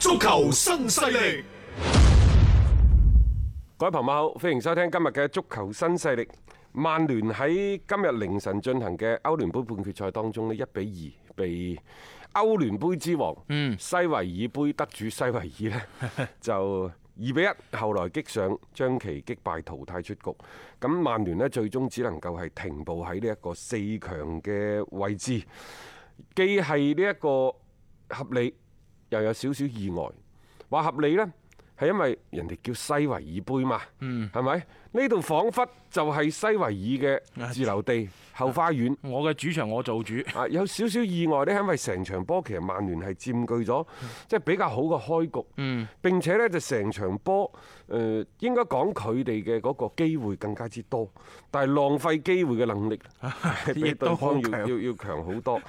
足球新勢力，各位朋友好，歡迎收聽今日嘅足球新勢力。曼聯喺今日凌晨進行嘅歐聯杯半決賽當中呢，一比二被歐聯杯之王，嗯，西維爾杯得主西維爾呢，就二比一後來擊上，將其擊敗淘汰出局。咁曼聯呢，最終只能夠係停步喺呢一個四強嘅位置，既係呢一個合理，又有少少意外，話合理咧，係因為人哋叫西維爾杯嘛，嗯，係咪？呢度仿佛就係西維爾嘅自留地後花園，我嘅主場我做主。啊，有少少意外咧，因為成場波其實曼聯係佔據咗即係比較好嘅開局，嗯，並且咧就成場波誒應該講佢哋嘅嗰個機會更加之多，但係浪費機會嘅能力比對方要要要要強好多。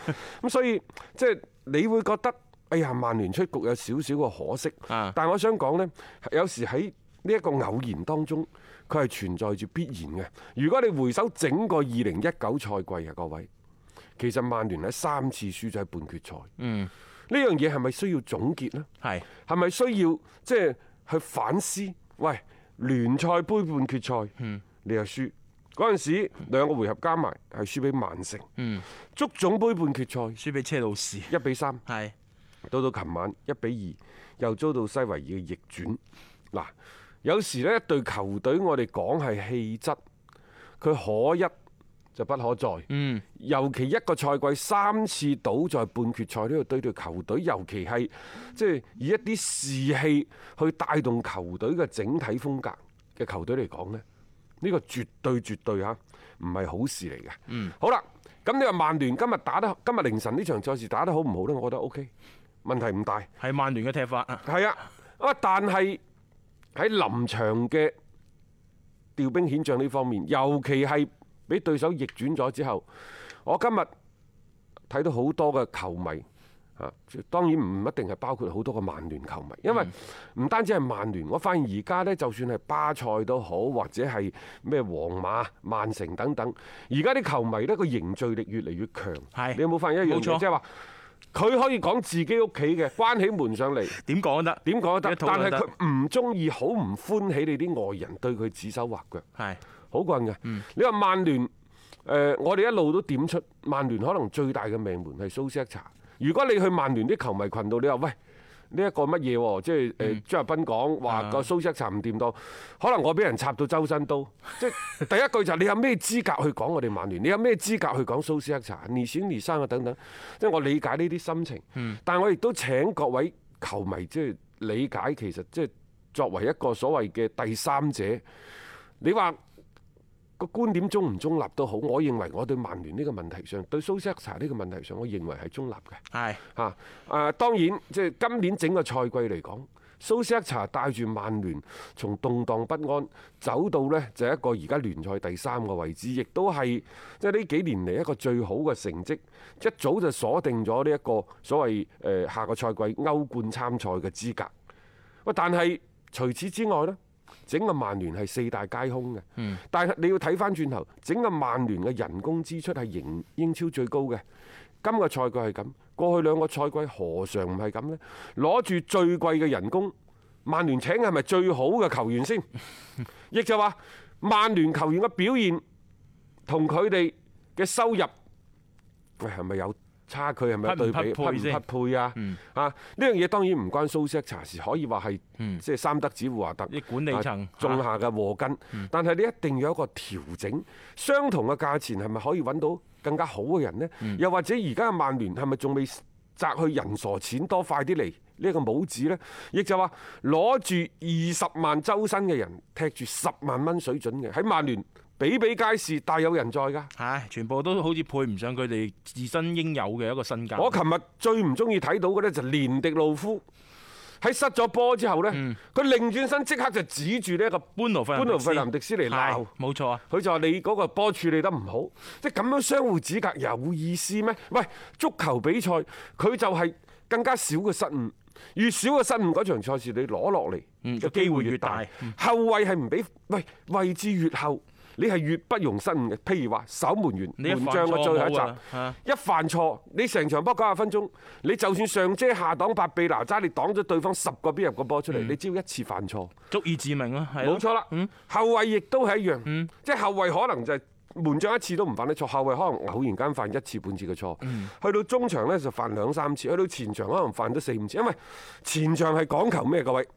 咁所以即係、就是、你會覺得。哎呀，曼聯出局有少少嘅可惜，但我想講呢，有時喺呢一個偶然當中，佢係存在住必然嘅。如果你回首整個二零一九賽季啊，各位，其實曼聯喺三次輸咗半決賽。嗯，呢樣嘢係咪需要總結呢？係，係咪需要即係、就是、去反思？喂，聯賽杯半決賽，嗯、你又輸嗰陣時兩個回合加埋係輸俾曼城。足、嗯、總杯半決賽輸俾車路士一比三。係係到到琴晚一比二，又遭到西維爾嘅逆轉。嗱，有時呢一隊球隊，我哋講係氣質，佢可一就不可再。嗯，尤其一個賽季三次倒在半決賽呢度，對、對球隊，尤其係即係以一啲士氣去帶動球隊嘅整體風格嘅球隊嚟講呢，呢、呢個絕對絕對吓，唔係好事嚟嘅。嗯，好，好啦，咁你話曼聯今日打得今日凌晨呢場賽事打得好唔好呢？我覺得 OK。問題唔大，係曼聯嘅踢法啊，係啊，啊！但係喺臨場嘅調兵遣將呢方面，尤其係俾對手逆轉咗之後，我今日睇到好多嘅球迷啊，當然唔一定係包括好多嘅曼聯球迷，因為唔單止係曼聯，我發現而家呢，就算係巴塞都好，或者係咩皇馬、曼城等等，而家啲球迷呢個凝聚力越嚟越強。是你有冇發現一樣嘢錯即係話。佢可以講自己屋企嘅關起門上嚟點講得？點講得？但係佢唔中意，好唔歡喜你啲外人對佢指手畫腳，係好困嘅。嗯，你話曼聯，誒，我哋一路都點出曼聯可能最大嘅命門係蘇斯茶。如果你去曼聯啲球迷群度，你話喂。呢一個乜嘢喎？即係誒張達斌講話個蘇斯克查唔掂當，嗯、可能我俾人插到周身刀。即係第一句就係你有咩資格去講我哋曼聯？你有咩資格去講蘇斯克查二選二三啊？尼尼等等。即係我理解呢啲心情，但係我亦都請各位球迷即係理解，其實即係作為一個所謂嘅第三者，你話，個觀點中唔中立都好，我認為我對曼聯呢個問題上，對蘇斯克查呢個問題上，我認為係中立嘅。係嚇，誒當然即係今年整個賽季嚟講，蘇斯克查帶住曼聯從動盪不安走到呢，就一個而家聯賽第三個位置，亦都係即係呢幾年嚟一個最好嘅成績，一早就鎖定咗呢一個所謂誒下個賽季歐冠參賽嘅資格。但係除此之外呢？整個曼聯係四大皆空嘅，但係你要睇翻轉頭，整個曼聯嘅人工支出係英超最高嘅。今個賽季係咁，過去兩個賽季何嘗唔係咁呢？攞住最貴嘅人工，曼聯請嘅係咪最好嘅球員先？亦就話曼聯球員嘅表現同佢哋嘅收入，喂係咪有？差距係咪有對比？匹唔匹配啊？嚇，呢樣嘢當然唔關蘇斯、啊、查事，可以話係即係三德子胡華德啲管理層種下嘅禍根。嗯、但係你一定要有一個調整，相同嘅價錢係咪可以揾到更加好嘅人呢？嗯、又或者而家嘅曼聯係咪仲未摘去人傻錢多快啲嚟呢一個帽子呢，亦就話攞住二十萬周薪嘅人踢住十萬蚊水準嘅喺曼聯。比比皆是，大有人在㗎，係、啊、全部都好似配唔上佢哋自身應有嘅一個身格。我琴日最唔中意睇到嘅咧就連迪路夫喺失咗波之後呢，佢擰、嗯、轉身即刻就指住呢一個、嗯、班奴弗班林迪斯嚟鬧，冇錯啊！佢就話你嗰個波處理得唔好，即係咁樣相互指責有意思咩？喂，足球比賽佢就係更加少嘅失誤，越少嘅失誤嗰場賽事你攞落嚟嘅機會越大。嗯、後衞係唔俾喂位置越後。你係越不容身嘅，譬如話守門員、你一門將嘅最後一集，一犯錯，你成場波九十分鐘，你就算上遮下擋八臂哪吒，你擋咗對方十個邊入個波出嚟，嗯、你只要一次犯錯足以致命啊。冇錯啦。後衞亦都係一樣，嗯、即係後衞可能就係門將一次都唔犯得錯，後衞可能偶然間犯一次半次嘅錯，嗯、去到中場呢，就犯兩三次，去到前場可能犯咗四五次，因為前場係講求咩？各位。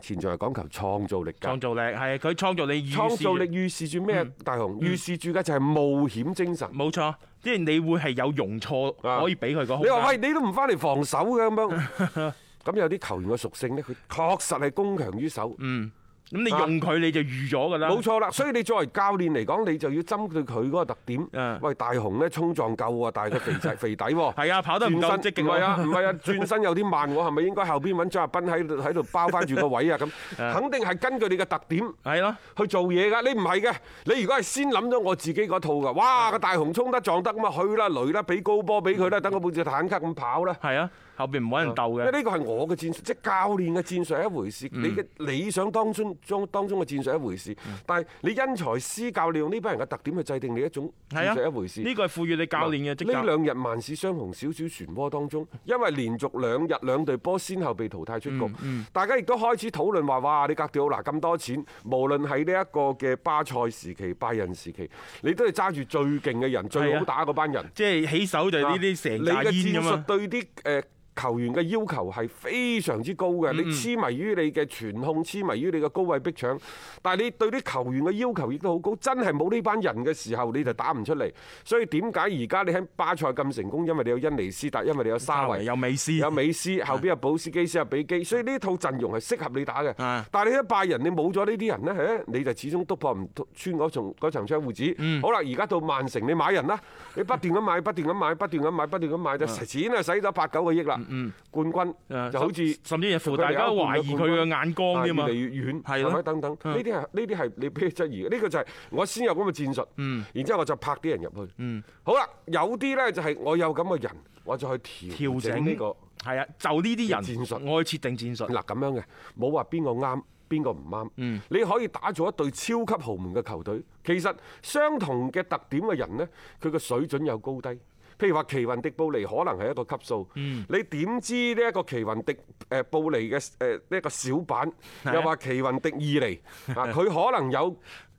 前在係講求創造力㗎，創造力係佢創造你，創造力預示住咩？大雄、嗯、預示住嘅就係冒險精神。冇錯，因、就、為、是、你會係有容錯，可以俾佢個空間。你話喂，你都唔翻嚟防守嘅咁樣，咁 有啲球員嘅屬性咧，佢確實係攻強於守。嗯。咁你用佢你就預咗㗎啦。冇錯啦，所以你作為教練嚟講，你就要針對佢嗰個特點。是的 喂，大雄咧衝撞夠喎，但係佢肥仔肥，肥底喎。係啊，跑得唔夠勁，唔係啊，唔係啊，轉身有啲慢喎，係咪 應該後邊揾張達斌喺喺度包翻住個位啊？咁是的 肯定係根據你嘅特點係咯去做嘢㗎。你唔係嘅，你如果係先諗咗我自己嗰套㗎，哇！個大雄衝得撞得咁啊，去啦，雷啦，俾高波俾佢啦，等我好似坦克咁跑啦。係啊。後邊唔揾人鬥嘅、啊，呢個係我嘅戰術，即係教練嘅戰術係一回事。嗯、你嘅理想當中中當中嘅戰術係一回事，嗯、但係你因材施教，你用呢班人嘅特點去制定你一種戰術係一回事。呢個係賦予你教練嘅職責。呢、啊、兩日萬事雙紅，小小漩渦當中，因為連續兩日兩隊波先後被淘汰出局，嗯嗯、大家亦都開始討論話：哇！你格調嗱咁多錢，無論係呢一個嘅巴塞時期、拜仁時期，你都係揸住最勁嘅人、啊、最好打嗰班人，啊、即係起手就係呢啲成架煙咁啊！對啲誒。呃球員嘅要求係非常之高嘅，你痴迷於你嘅傳控，痴迷於你嘅高位逼搶，但係你對啲球員嘅要求亦都好高。真係冇呢班人嘅時候，你就打唔出嚟。所以點解而家你喺巴塞咁成功？因為你有恩尼斯，但因為你有沙維，有美斯，有美斯，後邊有保斯基斯，有比基。所以呢套陣容係適合你打嘅。是的 但係你喺拜仁，你冇咗呢啲人呢，你就始終突破唔穿嗰層窗戶紙。是的 好啦，而家到曼城，你買人啦，你不斷咁買，不斷咁買，不斷咁買，不斷咁買，買錢就啊，使咗八九個億啦。嗯，冠軍就好似甚至乎大家懷疑佢嘅眼光嘅嘛，越嚟越遠，係咯，等等，呢啲係呢啲係你俾佢質疑，呢個就係我先有咁嘅戰術，嗯，然之後我就拍啲人入去，嗯，好啦，有啲咧就係我有咁嘅人，我就去調整呢個，係啊，就呢啲人戰術，我去設定戰術，嗱咁樣嘅，嗯，冇話邊個啱，邊個唔啱，你可以打造一隊超級豪門嘅球隊，其實相同嘅特點嘅人咧，佢嘅水準有高低。譬如話奇雲迪布尼可能係一個級數，你點知呢一個奇雲迪誒布尼嘅誒呢一個小板？又話奇雲迪二嚟啊，佢可能有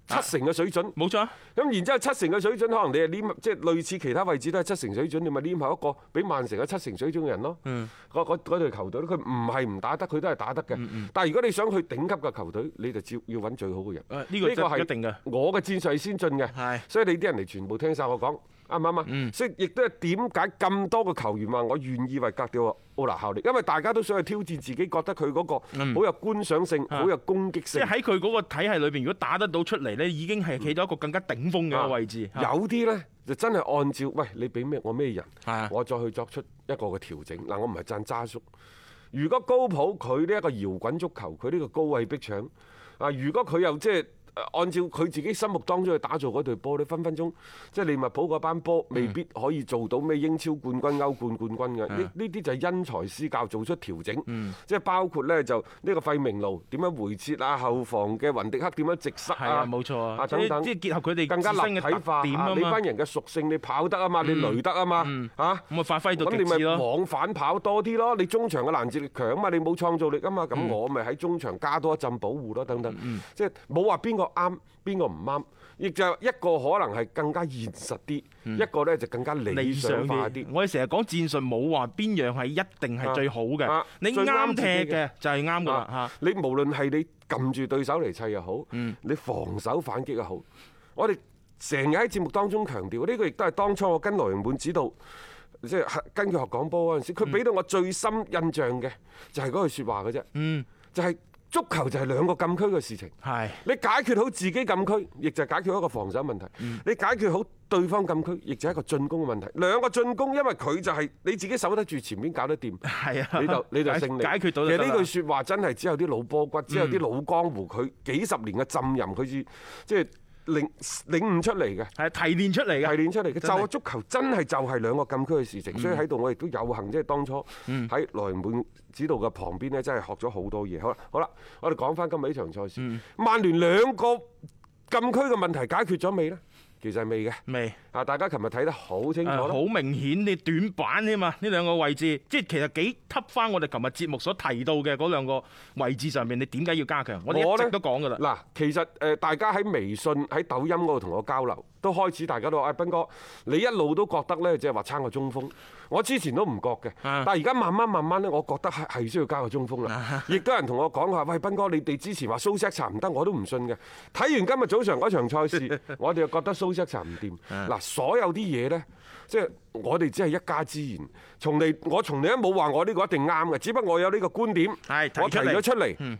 七成嘅水準，冇錯。咁然之後七成嘅水準，可能你係黏，即係類似其他位置都係七成水準，你咪黏下一個俾曼城嘅七成水準嘅人咯。嗰嗰嗰隊球隊咧，佢唔係唔打得，佢都係打得嘅。但係如果你想去頂級嘅球隊，你就要要揾最好嘅人。呢個係一定嘅，我嘅戰術先進嘅，所以你啲人嚟全部聽曬我講。啱唔啱啊？嗯、所以亦都係點解咁多個球員話我願意為格調奧拿效力？因為大家都想去挑戰自己，覺得佢嗰個好有觀賞性，好、嗯、有攻擊性的。即喺佢嗰個體系裏邊，如果打得到出嚟咧，已經係企到一個更加頂峰嘅位置。的的有啲呢，就真係按照喂，你俾咩我咩人，是的 我再去作出一個嘅調整。嗱，我唔係贊渣叔。如果高普佢呢一個搖滾足球，佢呢個高位逼搶啊，如果佢又即係。按照佢自己心目當中去打造嗰隊波，你分分鐘即係利物浦嗰班波未必可以做到咩英超冠軍、歐冠冠軍嘅。呢呢啲就係因材施教，做出調整。嗯、即係包括咧，就呢個費明路點樣回撤啊，後防嘅雲迪克點樣直塞啊，嗯、冇錯等等。即係結合佢哋更加新嘅睇法，呢班、嗯、人嘅屬性，你跑得啊嘛，你雷得啊嘛，嚇咁咪發揮到極致咯。往返跑多啲咯，你中場嘅攔截力強嘛，你冇創造力啊嘛，咁我咪喺中場加多一陣保護咯，等等。嗯嗯、即係冇話邊個。個啱邊個唔啱，亦就一個可能係更加現實啲，一個咧就更加理想化啲。我哋成日講戰術，冇話邊樣係一定係最好嘅。你啱踢嘅就係啱噶啦。你無論係你撳住對手嚟砌又好，你防守反擊又好，我哋成日喺節目當中強調呢個，亦都係當初我跟羅永滿指導，即係跟佢學講波嗰陣時，佢俾到我最深印象嘅就係嗰句説話嘅啫，就係。足球就係兩個禁區嘅事情，是的 你解決好自己禁區，亦就係解決一個防守問題；嗯、你解決好對方禁區，亦就係一個進攻嘅問題。嗯、兩個進攻，因為佢就係你自己守得住前面搞得掂，是的 你就你就勝利。解決，解決到其實呢句説話真係只有啲老波骨，嗯、只有啲老江湖，佢幾十年嘅浸淫，佢至即係。領領悟出嚟嘅，係提煉出嚟嘅，提煉出嚟嘅。就足球真係就係兩個禁區嘅事情，嗯、所以喺度我亦都有幸，即、就、係、係、當初喺萊滿指導嘅旁邊呢，真係學咗好多嘢。好啦，好啦，我哋講翻今日呢場賽事，曼、嗯、聯兩個禁區嘅問題解決咗未呢？其實係未嘅。未。啊！大家琴日睇得好清楚好、嗯、明顯你短板啫嘛？呢兩個位置，即係其實幾吸翻我哋琴日節目所提到嘅嗰兩個位置上面，你點解要加強？我咧呢都講噶啦。嗱，其實誒，大家喺微信、喺抖音嗰度同我交流，都開始大家都話、哎：，斌哥，你一路都覺得咧，即係話撐個中鋒。我之前都唔覺嘅，但係而家慢慢慢慢咧，我覺得係需要加個中鋒啦。亦都 有人同我講話：，喂、哎，斌哥，你哋之前話蘇斯克查唔得，我都唔信嘅。睇完今日早上嗰場賽事， 我哋又覺得蘇斯克查唔掂。嗱所有啲嘢呢，即、就、係、是、我哋只係一家之言。從嚟我從嚟都冇話我呢個一定啱嘅。只不過我有呢個觀點，提我提咗出嚟。嗯、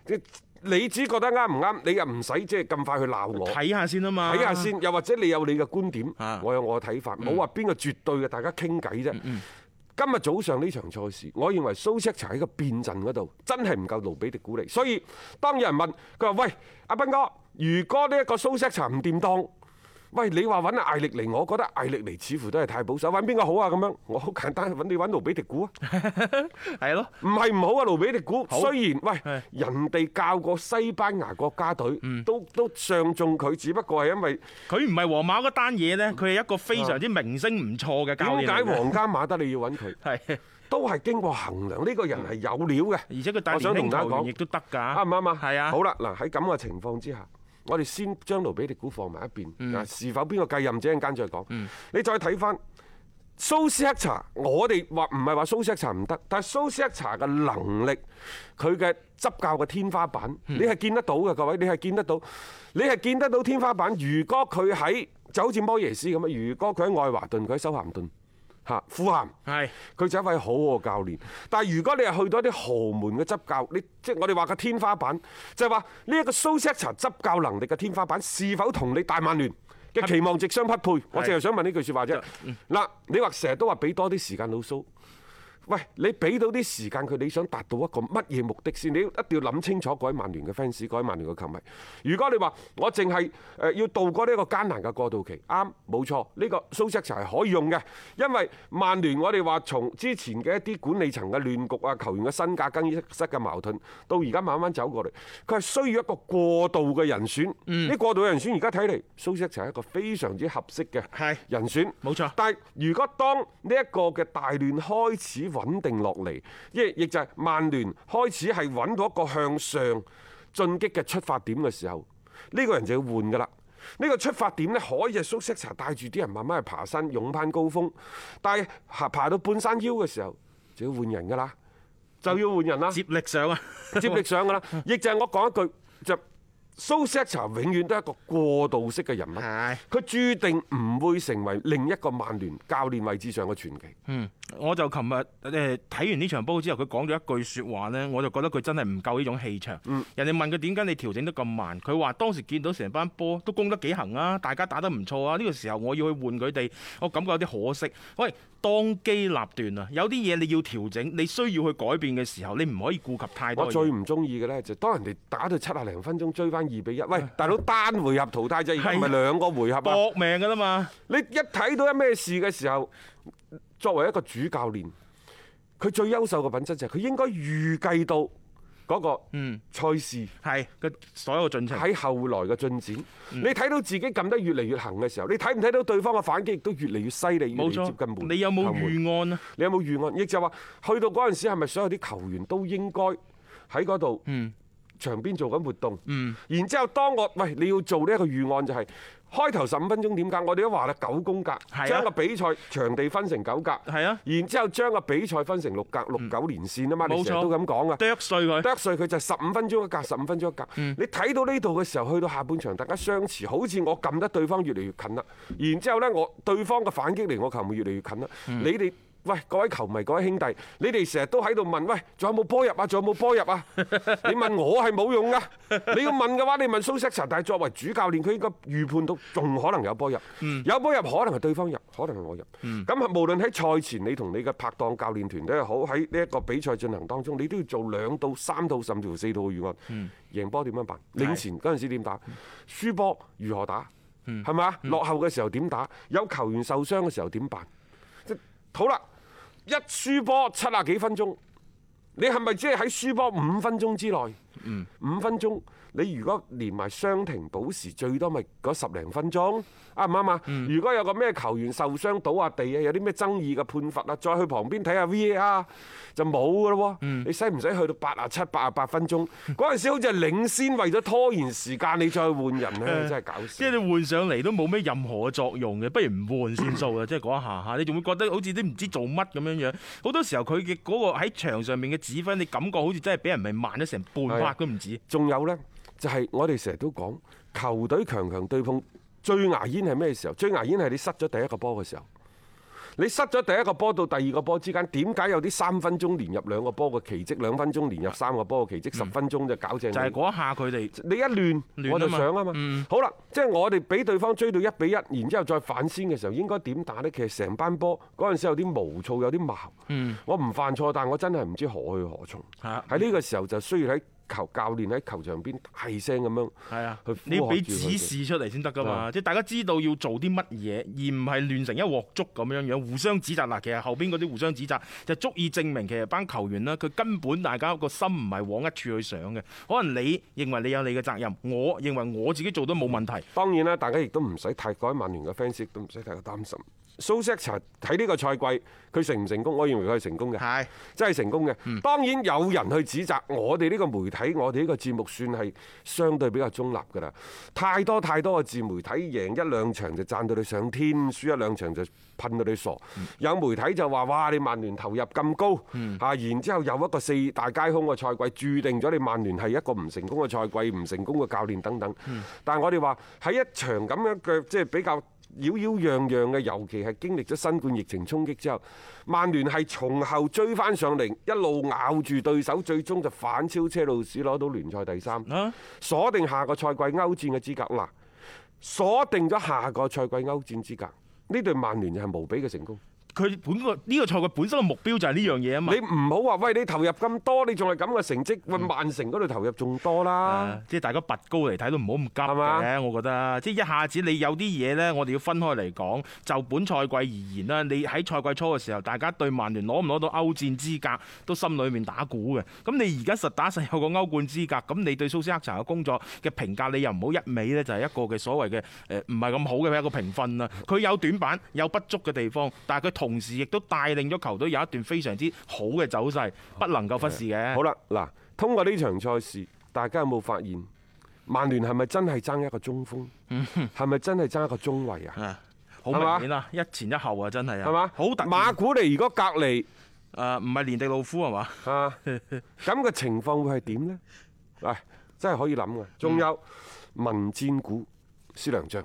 你只覺得啱唔啱？你又唔使即係咁快去鬧我。睇下先啊嘛。睇下先。又或者你有你嘅觀點，啊、我有我嘅睇法。冇話邊個絕對嘅，大家傾偈啫。嗯嗯、今日早上呢場賽事，我認為蘇斯察喺個變陣嗰度真係唔夠盧比迪古力。所以當有人問佢話：，喂，阿斌哥，如果呢一個蘇斯察唔掂當？喂，你話揾艾力尼，我覺得艾力尼似乎都係太保守，揾邊個好啊？咁樣我好簡單揾你揾盧比迪古啊，係咯 的？唔係唔好啊，盧比迪古，好雖然喂的人哋教過西班牙國家隊，嗯、都都相中佢，只不過係因為佢唔係皇馬嗰單嘢咧，佢係一個非常之名聲唔錯嘅教練。點解皇家馬德你要揾佢？係 的都係經過衡量呢、這個人係有料嘅，而且佢帶領英超亦都得㗎，啱唔啱啊？係啊的！好啦，嗱喺咁嘅情況之下。我哋先將盧比迪古放埋一邊，啊、嗯，是否邊個繼任者陣間再講？嗯、你再睇翻蘇斯克查，我哋話唔係話蘇斯克查唔得，但係蘇斯克查嘅能力，佢嘅執教嘅天花板，嗯、你係見得到嘅，各位，你係見得到，你係見得到天花板。如果佢喺就好似摩耶斯咁啊，如果佢喺愛華頓，佢喺修咸頓。吓，富咸，佢就係一位好好嘅教練。但係如果你係去到一啲豪門嘅執教，你即係我哋話嘅天花板，就係話呢一個蘇斯茶執教能力嘅天花板，是否同你大曼聯嘅期望值相匹配？是我淨係想問呢句説話啫。嗱是，你話成日都話俾多啲時間老蘇。喂，你俾到啲時間佢，你想達到一個乜嘢目的先？你要一定要諗清楚。各位曼聯嘅 fans，各位曼聯嘅球迷，如果你話我淨係誒要度過呢一個艱難嘅過渡期，啱冇錯。呢、這個蘇斯齊係可以用嘅，因為曼聯我哋話從之前嘅一啲管理層嘅亂局啊、球員嘅身價、更衣室嘅矛盾，到而家慢慢走過嚟，佢係需要一個過渡嘅人選。呢啲、嗯、過渡嘅人選而家睇嚟，蘇斯齊係一個非常之合適嘅係人選，冇錯。但係如果當呢一個嘅大亂開始，穩定落嚟，亦亦就係曼聯開始係搵到一個向上進擊嘅出發點嘅時候，呢個人就要換噶啦。呢個出發點咧可以係蘇斯查帶住啲人慢慢去爬山，勇攀高峰，但係爬到半山腰嘅時候就要換人噶啦，就要換人啦，就要換人接力上啊， 接力上噶啦，亦就係我講一句就。蘇斯克查永遠都係一個過渡式嘅人物，佢注定唔會成為另一個曼聯教練位置上嘅傳奇。嗯，我就琴日誒睇完呢場波之後，佢講咗一句説話呢，我就覺得佢真係唔夠呢種氣場。嗯，人哋問佢點解你調整得咁慢，佢話當時見到成班波都攻得幾行啊，大家打得唔錯啊，呢個時候我要去換佢哋，我感覺有啲可惜。喂，當機立斷啊！有啲嘢你要調整，你需要去改變嘅時候，你唔可以顧及太多嘢。我最唔中意嘅呢，就當人哋打到七啊零分鐘追翻。二比一，喂，大佬的單回合淘汰制而唔係兩個回合搏命嘅啦嘛！你一睇到一咩事嘅時候，作為一個主教練，佢最優秀嘅品質就係佢應該預計到嗰個賽嗯，賽事係嘅所有進程喺後來嘅進展。嗯、你睇到自己撳得越嚟越行嘅時候，你睇唔睇到對方嘅反擊亦都越嚟越犀利，錯越嚟接近門。你有冇預案啊？你有冇預案？亦就係話去到嗰陣時，係咪所有啲球員都應該喺嗰度？嗯。場邊做緊活動，嗯、然之後當我喂你要做呢一個預案就係開頭十五分鐘點解我哋都話啦九宮格，啊、將個比賽場地分成九格，係啊，然之後將個比賽分成六格六九連線啊嘛，嗯、你成日都咁講噶，剁碎佢，佢就十五分鐘一格，十五分鐘一格，嗯、你睇到呢度嘅時候去到下半場大家相持，好似我撳得對方越嚟越近啦，然之後呢，我對方嘅反擊嚟，我球會越嚟越近啦，嗯、你哋。喂，各位球迷，各位兄弟，你哋成日都喺度問，喂，仲有冇波入啊？仲有冇波入啊？你問我係冇用噶，你要問嘅話，你問蘇錫查。但係作為主教練，佢應該預判到仲可能有波入，嗯、有波入可能係對方入，可能係我入。咁、嗯、無論喺賽前你同你嘅拍檔教練團隊又好，喺呢一個比賽進行當中，你都要做兩到三到甚至乎四套嘅預案。贏波點樣辦？領先嗰陣時點打？輸波的如何打？係咪啊？落後嘅時候點打？有球員受傷嘅時候點辦？即、就是、好啦。一輸波七十幾分鐘，你係咪只係喺輸波五分鐘之內？嗯，五分鐘，你如果連埋傷停補時，最多咪嗰十零分鐘？啱唔啱啊！嗯、如果有個咩球員受傷倒下地啊，有啲咩爭議嘅判罰啊，再去旁邊睇下 VAR 就冇噶咯喎！嗯、你使唔使去到八啊七、八啊八分鐘？嗰陣時好似係領先，為咗拖延時間，你再換人咧，真係搞笑！呃、即係你換上嚟都冇咩任何嘅作用嘅，不如唔換算數啦！即係講一下下，你仲會覺得好似啲唔知做乜咁樣樣。好多時候佢嘅嗰個喺場上面嘅指揮，你感覺好似真係俾人咪慢咗成半。唔止，仲有呢，就係、是、我哋成日都講球隊強強對碰，最牙煙係咩時候？最牙煙係你失咗第一個波嘅時候，你失咗第一個波到第二個波之間，點解有啲三分鐘連入兩個波嘅奇蹟，兩分鐘連入三個波嘅奇蹟，十、嗯、分鐘就搞正？就係嗰下佢哋，你一亂，我就想啊嘛。嗯、好啦，即係我哋俾對方追到一比一，然之後再反先嘅時候，應該點打呢？其實成班波嗰陣時有啲毛躁，有啲盲。嗯、我唔犯錯，但我真係唔知何去何從。喺呢、嗯、個時候就需要喺球教練喺球場邊大聲咁樣，係啊，你俾指示出嚟先得噶嘛，即係大家知道要做啲乜嘢，而唔係亂成一鍋粥咁樣樣，互相指責嗱。其實後邊嗰啲互相指責就足以證明其實班球員咧，佢根本大家個心唔係往一處去想嘅。可能你認為你有你嘅責任，我認為我自己做都冇問題。當然啦，大家亦都唔使太過喺曼聯嘅 fans 亦都唔使太過擔心。蘇斯克查睇呢個賽季，佢成唔成功？我認為佢係成功嘅，的真係成功嘅。當然有人去指責我哋呢個媒體，我哋呢個節目算係相對比較中立㗎啦。太多太多嘅自媒體贏一兩場就讚到你上天，輸一兩場就噴到你傻。有媒體就話：「哇！你曼聯投入咁高嚇，然之後又一個四大皆空嘅賽季，注定咗你曼聯係一個唔成功嘅賽季，唔成功嘅教練等等。但係我哋話：「喺一場咁樣嘅即係比較……」妖妖攘攘嘅，尤其係經歷咗新冠疫情衝擊之後，曼聯係從後追翻上嚟，一路咬住對手，最終就反超車路士，攞到聯賽第三，鎖定下個賽季歐戰嘅資格。嗱，鎖定咗下個賽季歐戰資格，呢對曼聯就係無比嘅成功。佢本個呢個賽季本身嘅目標就係呢樣嘢啊嘛！你唔好話喂，你投入咁多，你仲係咁嘅成績。喂，曼城嗰度投入仲多啦，嗯呃。即係大家拔高嚟睇都唔好咁急嘅，嗎我覺得。即係一下子你有啲嘢呢，我哋要分開嚟講。就本賽季而言啦，你喺賽季初嘅時候，大家對曼聯攞唔攞到歐戰資格都心裏面打鼓嘅。咁你而家實打實有個歐冠資格，咁你對蘇斯克查嘅工作嘅評價，你又唔好一味呢，就係一個嘅所謂嘅誒唔係咁好嘅一個評分啊。佢有短板有不足嘅地方，但係佢。同時亦都帶領咗球隊有一段非常之好嘅走勢，不能夠忽視嘅。好啦，嗱，通過呢場賽事，大家有冇發現曼聯係咪真係爭一個中鋒？係咪 真係爭一個中衞啊？好 明顯啊，吧一前一後啊，真係啊，係嘛的？好突馬古尼如果隔離誒唔係連地老夫係嘛？啊，咁 嘅情況會係點呢？喂，真係可以諗嘅。仲有 文戰股，思良將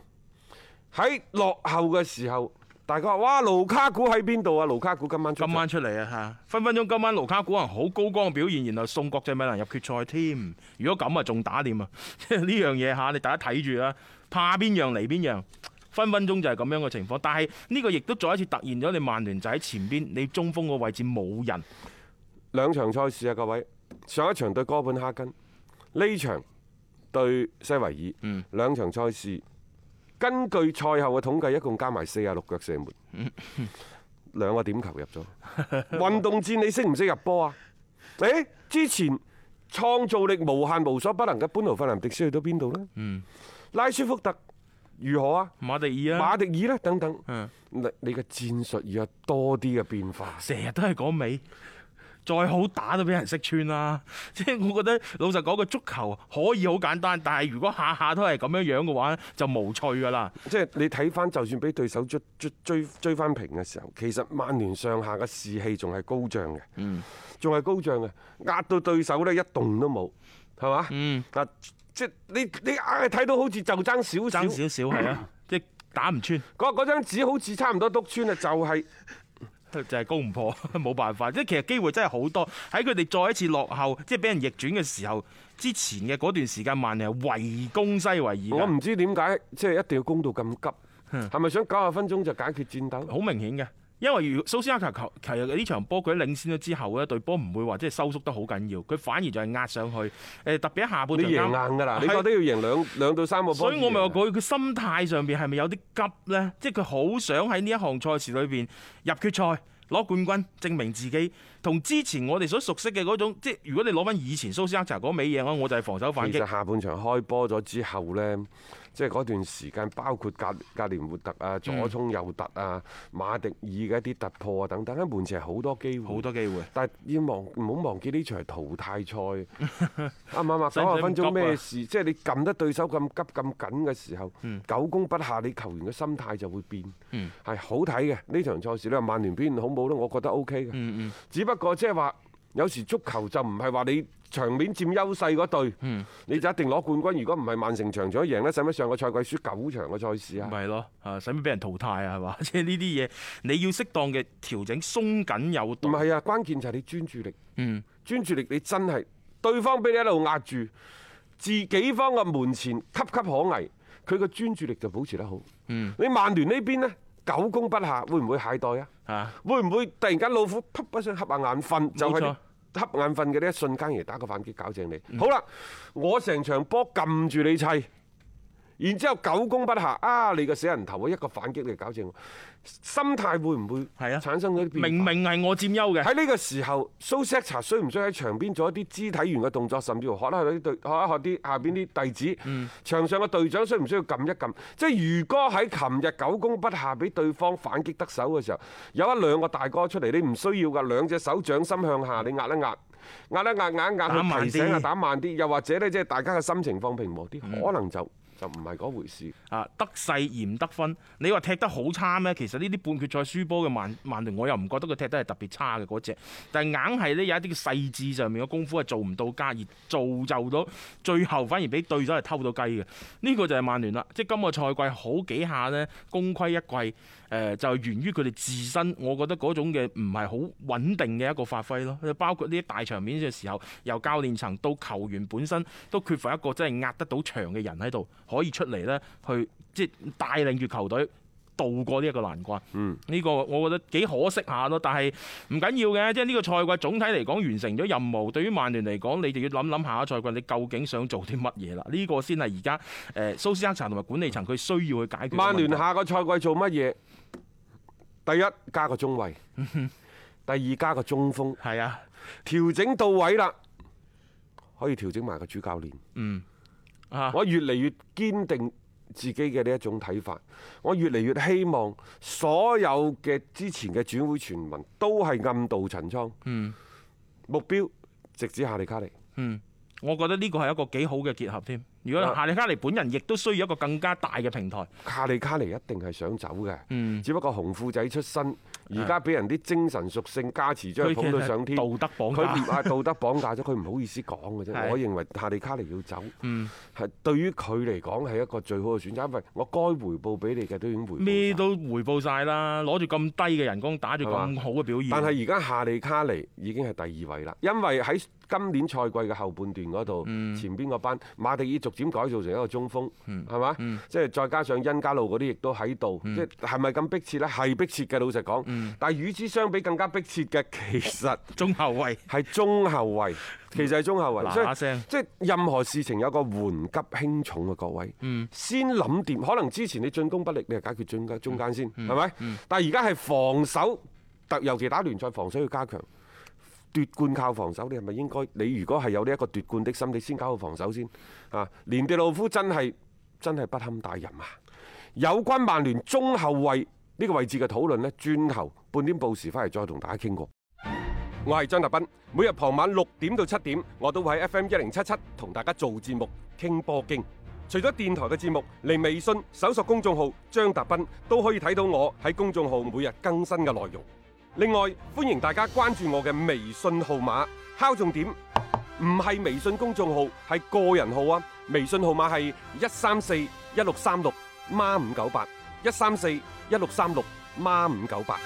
喺落後嘅時候。大家話：哇，盧卡古喺邊度啊？盧卡古今晚今晚出嚟啊！嚇，分分鐘今晚盧卡古啊，好高光表現，然後送國際米蘭入決賽添、啊。如果咁啊，仲打掂啊？即係呢樣嘢嚇，你大家睇住啦。怕邊樣嚟邊樣？分分鐘就係咁樣嘅情況。但係呢個亦都再一次突現咗，你曼聯就喺前邊，你中鋒個位置冇人。兩場賽事啊，各位，上一場對哥本哈根，呢場對西維爾，嗯、兩場賽事。根據賽後嘅統計，一共加埋四十六腳射門，兩個點球入咗。運動戰你識唔識入波啊？誒，之前創造力無限、無所不能嘅般奴費南迪斯去到邊度咧？嗯，拉舒福特如何啊？馬迪爾啊，馬迪爾啦，等等。你你嘅戰術要有多啲嘅變化。成日都係講美。再好打都俾人識穿啦，即係我覺得老實講，個足球可以好簡單，但係如果下下都係咁樣樣嘅話，就無趣噶啦。即係你睇翻，就算俾對手追追追翻平嘅時候，其實曼聯上下嘅士氣仲係高漲嘅，嗯，仲係高漲嘅，壓到對手咧一動都冇，係嘛？嗯，啊，即係你你硬係睇到好似就爭少少，爭少少係啊，即係 打唔穿。嗰嗰張紙好似差唔多篤穿啦，就係、是。就係攻唔破，冇 辦法。即係其實機會真係好多，喺佢哋再一次落後，即係俾人逆轉嘅時候，之前嘅嗰段時間，曼聯係圍攻西維爾。我唔知點解，即係一定要攻到咁急，係咪 想九十分鐘就解決戰鬥？好 明顯嘅。因為如蘇斯克查其實呢場波佢領先咗之後呢對波唔會話即係收縮得好緊要，佢反而就係壓上去。誒，特別喺下半場啱，你贏硬噶啦！你覺得要贏兩兩到三個波，所以我咪話佢佢心態上邊係咪有啲急呢？即係佢好想喺呢一項賽事裏邊入決賽攞冠軍，證明自己。同之前我哋所熟悉嘅嗰種，即係如果你攞翻以前蘇斯克查嗰味嘢，我我就係防守反擊。其實下半場開波咗之後呢。即係嗰段時間，包括格格連活特啊、左衝右突啊、馬迪爾嘅一啲突破啊等等，喺門前係好多機會，好多機會。但係要忘唔好忘記呢場係淘汰賽，啱唔啱啊？九十分鐘咩事？ 即係你撳得對手咁急咁緊嘅時候，嗯、久攻不下，你球員嘅心態就會變，係、嗯、好睇嘅呢場賽事。你話曼聯表現好唔好咧？我覺得 O K 嘅，嗯嗯，只不過即係話。有時足球就唔係話你場面佔優勢嗰隊，嗯、你就一定攞冠軍。如果唔係曼城場場贏咧，使乜上個賽季輸九場嘅賽事啊？咪係咯，使乜俾人淘汰啊？係嘛？即係呢啲嘢你要適當嘅調整，鬆緊有度。唔係啊，關鍵就係你專注力。嗯，專注力你真係對方俾你喺度壓住，自己方嘅門前岌岌可危，佢個專注力就保持得好。嗯、你曼聯呢邊呢？久攻不下，會唔會懈怠啊？嚇，會唔會突然間老虎啪不上合下眼瞓？就係。瞌眼瞓嘅呢一瞬間嚟打個反擊，搞正你。好啦，嗯、我成場波撳住你砌，然之後久攻不下啊！你個死人頭啊！一個反擊嚟搞正，我。心態會唔會係產生咗啲變？明明係我佔優嘅喺呢個時候，蘇斯克查需唔需要喺場邊做一啲肢體員嘅動作，甚至乎學,一學一下啲隊學下學啲下邊啲弟子。嗯，場上嘅隊長需唔需要撳一撳？即係如果喺琴日久攻不下，俾對方反擊得手嘅時候，有一兩個大哥出嚟，你唔需要㗎，兩隻手掌心向下，你壓一壓，壓一壓壓一壓，打慢啲，打慢啲。又或者呢，即係大家嘅心情放平和啲，可能就。嗯就唔係嗰回事啊！得勢而唔得分，你話踢得好差咩？其實呢啲半決賽輸波嘅曼曼聯，我又唔覺得佢踢得係特別差嘅嗰隻，但係硬係呢，有一啲細緻上面嘅功夫係做唔到家，而造就到最後反而俾對手係偷到雞嘅。呢個就係曼聯啦，即係今個賽季好幾下呢，功虧一簣。誒就係源於佢哋自身，我覺得嗰種嘅唔係好穩定嘅一個發揮咯。包括呢啲大場面嘅時候，由教練層到球員本身，都缺乏一個真係壓得到場嘅人喺度，可以出嚟呢，去即係、就是、帶領住球隊。渡過呢一個難關，嗯，呢個我覺得幾可惜下咯。但係唔緊要嘅，即係呢個賽季總體嚟講完成咗任務。對於曼聯嚟講，你就要諗諗下個賽季你究竟想做啲乜嘢啦？呢個先係而家誒蘇斯克查同埋管理層佢需要去解決。曼聯下個賽季做乜嘢？第一加個中衞，第二加個中鋒，係啊，調整到位啦，可以調整埋個主教練。嗯，我越嚟越堅定。自己嘅呢一種睇法，我越嚟越希望所有嘅之前嘅轉會傳聞都係暗度陳倉。嗯，目標直指夏利卡尼。嗯，我覺得呢個係一個幾好嘅結合添。如果夏利卡尼本人亦都需要一個更加大嘅平台，夏利卡尼一定係想走嘅。嗯，只不過紅褲仔出身。而家俾人啲精神屬性加持咗不，佢捧到上天。道德綁架，道德綁架咗，佢唔好意思講嘅啫。是的 我認為夏利卡尼要走，係、嗯、對於佢嚟講係一個最好嘅選擇，因為我該回報俾你嘅都已經回報。咩都回報曬啦，攞住咁低嘅人工，打住咁好嘅表現。但係而家夏利卡尼已經係第二位啦，因為喺今年賽季嘅後半段嗰度，前邊個班馬迪爾逐漸改造成一個中鋒，係咪？即係再加上恩加路嗰啲亦都喺度，即係咪咁逼切呢？係逼切嘅，老實講。但係與之相比更加逼切嘅，其實中後衞係中後衞，其實係中後衞。所以，即任何事情有個緩急輕重嘅各位。先諗掂，可能之前你進攻不力，你就解決進攻中間先，係咪？但係而家係防守，尤其打聯賽防守要加強。奪冠靠防守，你係咪應該？你如果係有呢一個奪冠的心，你先搞好防守先。啊，連帝路夫真係真係不堪大任啊！有關曼聯中後衛呢個位置嘅討論咧，轉頭半點報時翻嚟再同大家傾過。我係張達斌，每日傍晚六點到七點，我都會喺 FM 一零七七同大家做節目傾波經。除咗電台嘅節目，嚟微信搜索公眾號張達斌都可以睇到我喺公眾號每日更新嘅內容。另外，歡迎大家關注我嘅微信號碼，敲重點，唔係微信公眾號，係個人號啊！微信號碼係一三四一六三六孖五九八，一三四一六三六孖五九八。